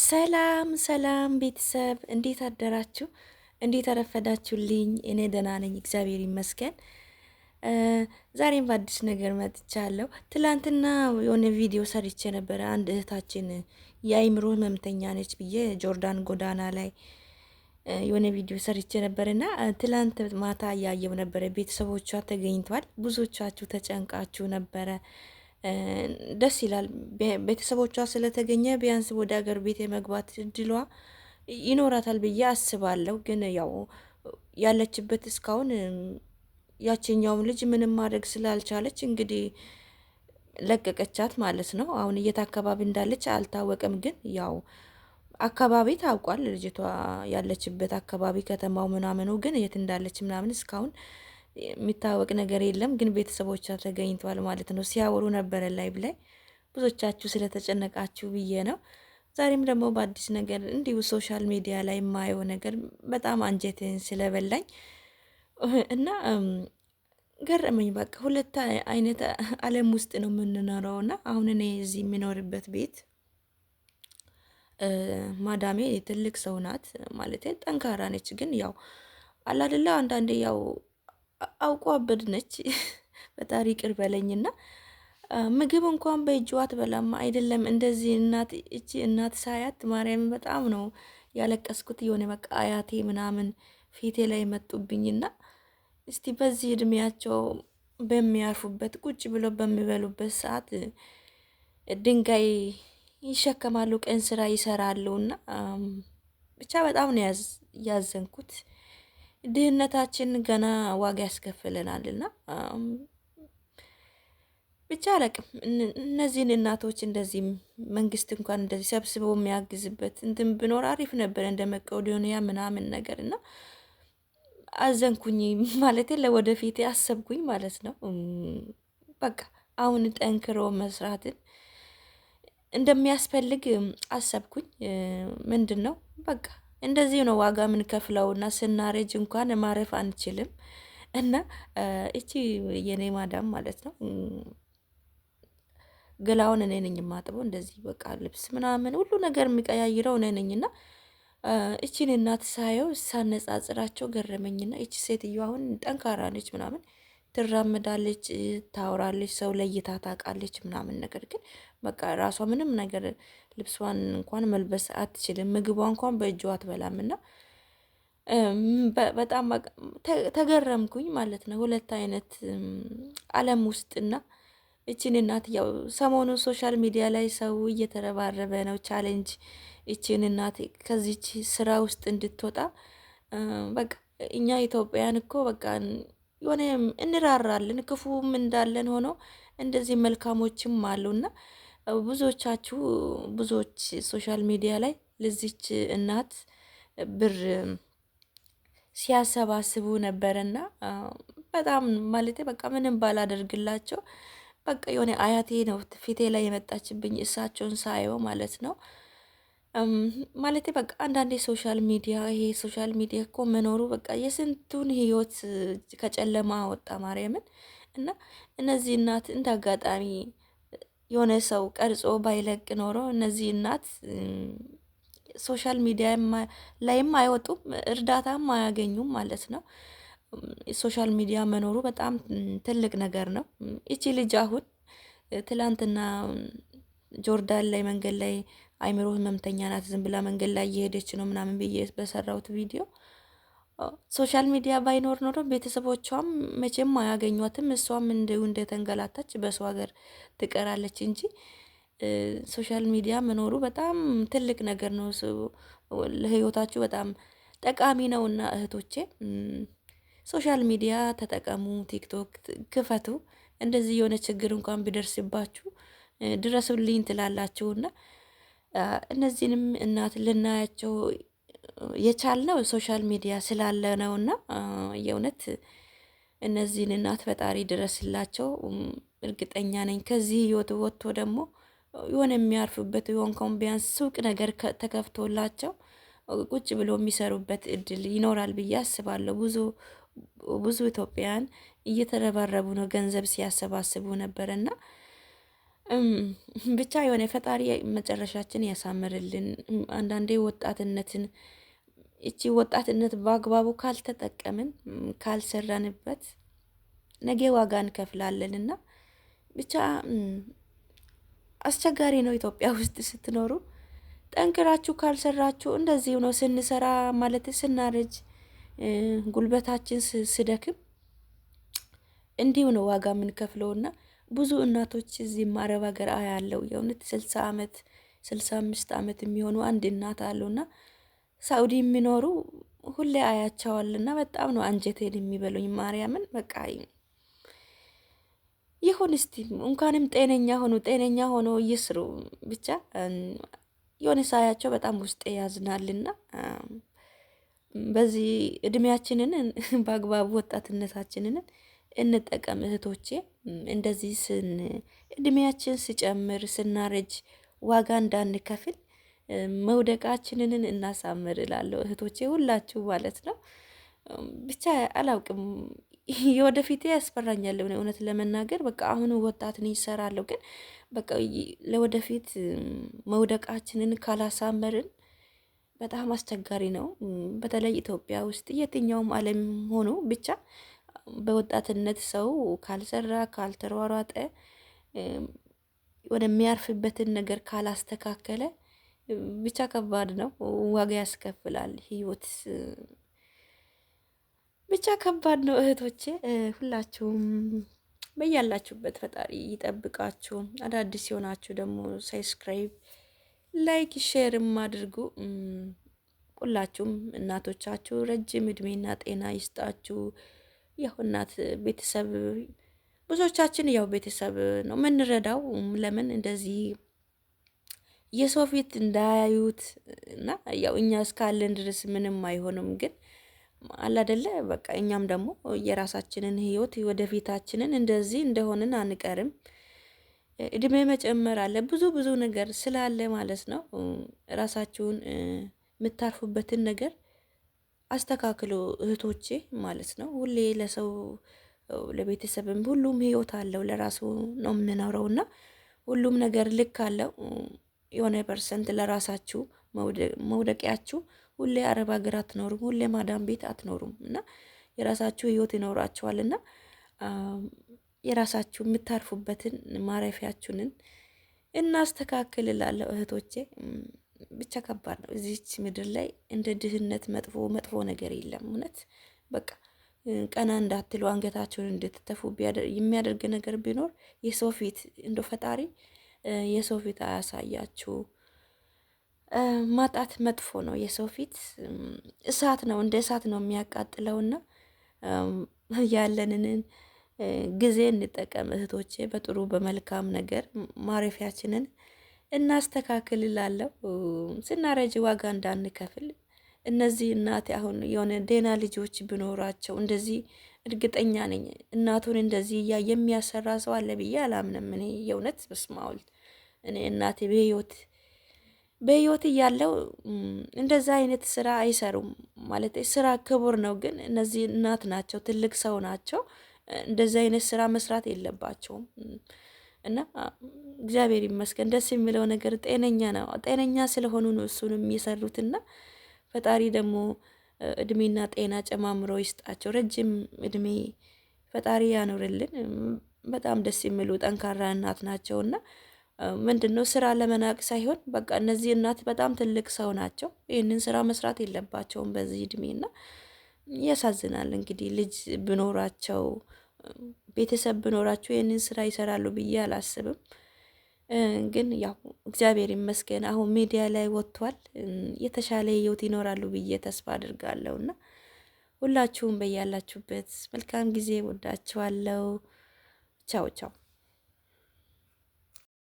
ሰላም ሰላም ቤተሰብ እንዴት አደራችሁ? እንዴት አረፈዳችሁልኝ? እኔ ደህና ነኝ፣ እግዚአብሔር ይመስገን። ዛሬም በአዲስ ነገር መጥቻለሁ። ትላንትና የሆነ ቪዲዮ ሰርቼ ነበረ። አንድ እህታችን የአይምሮ ህመምተኛ ነች ብዬ ጆርዳን ጎዳና ላይ የሆነ ቪዲዮ ሰርቼ እና ትላንት ማታ እያየው ነበረ። ቤተሰቦቿ ተገኝቷል። ብዙዎቻችሁ ተጨንቃችሁ ነበረ ደስ ይላል። ቤተሰቦቿ ስለተገኘ ቢያንስ ወደ ሀገር ቤት የመግባት እድሏ ይኖራታል ብዬ አስባለሁ። ግን ያው ያለችበት እስካሁን ያችኛውም ልጅ ምንም ማድረግ ስላልቻለች እንግዲህ ለቀቀቻት ማለት ነው። አሁን የት አካባቢ እንዳለች አልታወቀም። ግን ያው አካባቢ ታውቋል፣ ልጅቷ ያለችበት አካባቢ ከተማው ምናምኑ። ግን የት እንዳለች ምናምን እስካሁን የሚታወቅ ነገር የለም፣ ግን ቤተሰቦቿ ተገኝተዋል ማለት ነው። ሲያወሩ ነበረ ላይ ላይ ብዙዎቻችሁ ስለተጨነቃችሁ ብዬ ነው። ዛሬም ደግሞ በአዲስ ነገር እንዲሁ ሶሻል ሚዲያ ላይ የማየው ነገር በጣም አንጀትን ስለበላኝ እና ገረመኝ። በቃ ሁለት አይነት ዓለም ውስጥ ነው የምንኖረው እና አሁን እኔ እዚህ የሚኖርበት ቤት ማዳሜ ትልቅ ሰው ናት ማለት ጠንካራ ነች። ግን ያው አላደላ አንዳንዴ ያው አውቆ አበድነች። ፈጣሪ ይቅር በለኝና ምግብ እንኳን በእጇ አትበላም። አይደለም እንደዚህ እናት እቺ እናት ሳያት ማርያም በጣም ነው ያለቀስኩት። የሆነ በቃ አያቴ ምናምን ፊቴ ላይ መጡብኝና እስቲ በዚህ እድሜያቸው በሚያርፉበት ቁጭ ብሎ በሚበሉበት ሰዓት ድንጋይ ይሸከማሉ፣ ቀን ስራ ይሰራሉ እና ብቻ በጣም ነው ያዘንኩት። ድህነታችን ገና ዋጋ ያስከፍለናልና ብቻ አለቅም። እነዚህን እናቶች እንደዚህ መንግስት እንኳን እንደዚህ ሰብስቦ የሚያግዝበት እንትን ብኖር አሪፍ ነበር፣ እንደ መቄዶንያ ምናምን ነገር እና አዘንኩኝ ማለት ለወደፊት አሰብኩኝ ማለት ነው። በቃ አሁን ጠንክሮ መስራትን እንደሚያስፈልግ አሰብኩኝ። ምንድን ነው በቃ እንደዚህ ነው ዋጋ የምንከፍለውና ስናረጅ እንኳን ማረፍ አንችልም። እና እቺ የኔ ማዳም ማለት ነው ገላውን እኔ ነኝ የማጥበው። እንደዚህ በቃ ልብስ ምናምን ሁሉ ነገር የሚቀያይረው እኔ ነኝና እቺን እናት ሳየው ሳነጻጽራቸው ገረመኝና እቺ ሴትዮ አሁን ጠንካራ ነች ምናምን ትራምዳለች፣ ታውራለች፣ ሰው ለይታ ታውቃለች ምናምን ነገር ግን በቃ ራሷ ምንም ነገር ልብሷን እንኳን መልበስ አትችልም፣ ምግቧ እንኳን በእጇ አትበላም። እና በጣም ተገረምኩኝ ማለት ነው። ሁለት አይነት ዓለም ውስጥና እችን እናት ያው ሰሞኑን ሶሻል ሚዲያ ላይ ሰው እየተረባረበ ነው ቻሌንጅ እችን እናት ከዚች ስራ ውስጥ እንድትወጣ በቃ እኛ ኢትዮጵያን እኮ በቃ የሆነ እንራራለን ክፉም እንዳለን ሆኖ እንደዚህ መልካሞችም አሉ እና። ብዙዎቻችሁ ብዙዎች ሶሻል ሚዲያ ላይ ለዚች እናት ብር ሲያሰባስቡ ነበረና በጣም ማለቴ በቃ ምንም ባላደርግላቸው በቃ የሆነ አያቴ ነው ፊቴ ላይ የመጣችብኝ እሳቸውን ሳየው ማለት ነው። ማለቴ በቃ አንዳንዴ ሶሻል ሚዲያ ይሄ ሶሻል ሚዲያ እኮ መኖሩ በቃ የስንቱን ህይወት ከጨለማ ወጣ ማርያምን እና እነዚህ እናት እንደ አጋጣሚ የሆነ ሰው ቀርጾ ባይለቅ ኖሮ እነዚህ እናት ሶሻል ሚዲያ ላይም አይወጡም፣ እርዳታም አያገኙም ማለት ነው። ሶሻል ሚዲያ መኖሩ በጣም ትልቅ ነገር ነው። ይቺ ልጅ አሁን ትላንትና ጆርዳን ላይ መንገድ ላይ አይምሮ ህመምተኛ ናት፣ ዝም ብላ መንገድ ላይ እየሄደች ነው ምናምን ብዬ በሰራሁት ቪዲዮ ሶሻል ሚዲያ ባይኖር ኖሮ ቤተሰቦቿም መቼም አያገኟትም። እሷም እንዲሁ እንደተንገላታች በሰው ሀገር ትቀራለች እንጂ ሶሻል ሚዲያ መኖሩ በጣም ትልቅ ነገር ነው። ለህይወታችሁ በጣም ጠቃሚ ነው እና እህቶቼ ሶሻል ሚዲያ ተጠቀሙ፣ ቲክቶክ ክፈቱ። እንደዚህ የሆነ ችግር እንኳን ቢደርስባችሁ ድረሱልኝ ትላላችሁና እነዚህንም እናት ልናያቸው የቻልነው ሶሻል ሚዲያ ስላለ እና የእውነት እነዚህን እናት ፈጣሪ ድረስላቸው። እርግጠኛ ነኝ ከዚህ ህይወት ወጥቶ ደግሞ የሆነ የሚያርፉበት የሆንከውን ቢያንስ ሱቅ ነገር ተከፍቶላቸው ቁጭ ብሎ የሚሰሩበት እድል ይኖራል ብዬ አስባለሁ። ብዙ ብዙ ኢትዮጵያውያን እየተረባረቡ ነው፣ ገንዘብ ሲያሰባስቡ እና ብቻ የሆነ ፈጣሪ መጨረሻችን ያሳምርልን። አንዳንዴ ወጣትነትን እቺ ወጣትነት በአግባቡ ካልተጠቀምን ካልሰራንበት ነገ ዋጋ እንከፍላለን እና ብቻ አስቸጋሪ ነው። ኢትዮጵያ ውስጥ ስትኖሩ ጠንክራችሁ ካልሰራችሁ እንደዚህ ነው። ስንሰራ ማለት ስናረጅ፣ ጉልበታችን ስደክም እንዲሁ ነው ዋጋ የምንከፍለውና ብዙ እናቶች እዚህ ማረብ ሀገር ያለው የእውነት ስልሳ አመት ስልሳ አምስት አመት የሚሆኑ አንድ እናት አለውና ሳውዲ የሚኖሩ ሁሌ አያቸዋልና በጣም ነው አንጀቴን የሚበሉኝ። ማርያምን በቃ ይሁን እስቲ እንኳንም ጤነኛ ሆኑ። ጤነኛ ሆኖ ይስሩ ብቻ። የሆነ ሳያቸው በጣም ውስጤ ያዝናልና በዚህ እድሜያችንን በአግባቡ ወጣትነታችንን እንጠቀም እህቶቼ። እንደዚህ ስን እድሜያችን ስጨምር ስናረጅ ዋጋ እንዳንከፍል መውደቃችንን እናሳምር እላለሁ እህቶቼ ሁላችሁ ማለት ነው። ብቻ አላውቅም የወደፊት ያስፈራኛል እውነት ለመናገር በቃ አሁን ወጣት ነኝ እሰራለሁ፣ ግን በቃ ለወደፊት መውደቃችንን ካላሳመርን በጣም አስቸጋሪ ነው። በተለይ ኢትዮጵያ ውስጥ የትኛውም ዓለም ሆኖ ብቻ በወጣትነት ሰው ካልሰራ ካልተሯሯጠ ወደሚያርፍበትን ነገር ካላስተካከለ ብቻ ከባድ ነው፣ ዋጋ ያስከፍላል ህይወት። ብቻ ከባድ ነው እህቶቼ። ሁላችሁም በያላችሁበት ፈጣሪ ይጠብቃችሁ። አዳዲስ የሆናችሁ ደግሞ ሳብስክራይብ፣ ላይክ፣ ሼር አድርጉ። ሁላችሁም እናቶቻችሁ ረጅም እድሜና ጤና ይስጣችሁ። ያው እናት ቤተሰብ ብዙዎቻችን ያው ቤተሰብ ነው የምንረዳው። ለምን እንደዚህ የሰው ፊት እንዳያዩት እና ያው እኛ እስካለን ድረስ ምንም አይሆንም። ግን አላደለ በቃ እኛም ደግሞ የራሳችንን ህይወት ወደፊታችንን እንደዚህ እንደሆንን አንቀርም። እድሜ መጨመር አለ ብዙ ብዙ ነገር ስላለ ማለት ነው። ራሳችሁን የምታርፉበትን ነገር አስተካክሎ እህቶቼ ማለት ነው። ሁሌ ለሰው ለቤተሰብም ሁሉም ህይወት አለው ለራሱ ነው ና ሁሉም ነገር ልክ አለው። የሆነ ፐርሰንት ለራሳችሁ መውደቂያችሁ ሁሌ አረብ ሀገር አትኖሩም፣ ሁሌ ማዳም ቤት አትኖሩም እና የራሳችሁ ህይወት ይኖራችኋል እና የራሳችሁ የምታርፉበትን ማረፊያችሁንን እናስተካክልላለሁ። እህቶቼ። ብቻ ከባድ ነው። እዚች ምድር ላይ እንደ ድህነት መጥፎ መጥፎ ነገር የለም። እውነት በቃ ቀና እንዳትሉ አንገታችሁን እንድትተፉ የሚያደርግ ነገር ቢኖር የሰው ፊት እንደ ፈጣሪ የሰው ፊት አያሳያችሁ። ማጣት መጥፎ ነው። የሰው ፊት እሳት ነው፣ እንደ እሳት ነው የሚያቃጥለውና ያለንን ጊዜ እንጠቀም እህቶቼ፣ በጥሩ በመልካም ነገር ማረፊያችንን እናስተካክል እላለሁ። ስናረጅ ዋጋ እንዳንከፍል እነዚህ እናቴ አሁን የሆነ ዴና ልጆች ብኖራቸው እንደዚህ እርግጠኛ ነኝ እናቱን እንደዚህ እያ የሚያሰራ ሰው አለ ብዬ አላምንም። እኔ የእውነት ብስማውል እኔ እናቴ በህይወት በህይወት እያለው እንደዛ አይነት ስራ አይሰሩም። ማለት ስራ ክቡር ነው፣ ግን እነዚህ እናት ናቸው፣ ትልቅ ሰው ናቸው። እንደዚ አይነት ስራ መስራት የለባቸውም። እና እግዚአብሔር ይመስገን ደስ የሚለው ነገር ጤነኛ ነው። ጤነኛ ስለሆኑ ነው እሱን የሚሰሩትና ፈጣሪ ደግሞ እድሜና ጤና ጨማምሮ ይስጣቸው። ረጅም እድሜ ፈጣሪ ያኖርልን። በጣም ደስ የሚሉ ጠንካራ እናት ናቸውና ምንድን ነው ስራ ለመናቅ ሳይሆን በቃ እነዚህ እናት በጣም ትልቅ ሰው ናቸው። ይህንን ስራ መስራት የለባቸውም በዚህ እድሜና ያሳዝናል። እንግዲህ ልጅ ብኖራቸው ቤተሰብ ብኖራቸው ይህንን ስራ ይሰራሉ ብዬ አላስብም። ግን ያው እግዚአብሔር ይመስገን አሁን ሚዲያ ላይ ወጥቷል። የተሻለ ህይወት ይኖራሉ ብዬ ተስፋ አድርጋለሁ እና ሁላችሁም በያላችሁበት መልካም ጊዜ ወዳችኋለሁ። ቻው ቻው።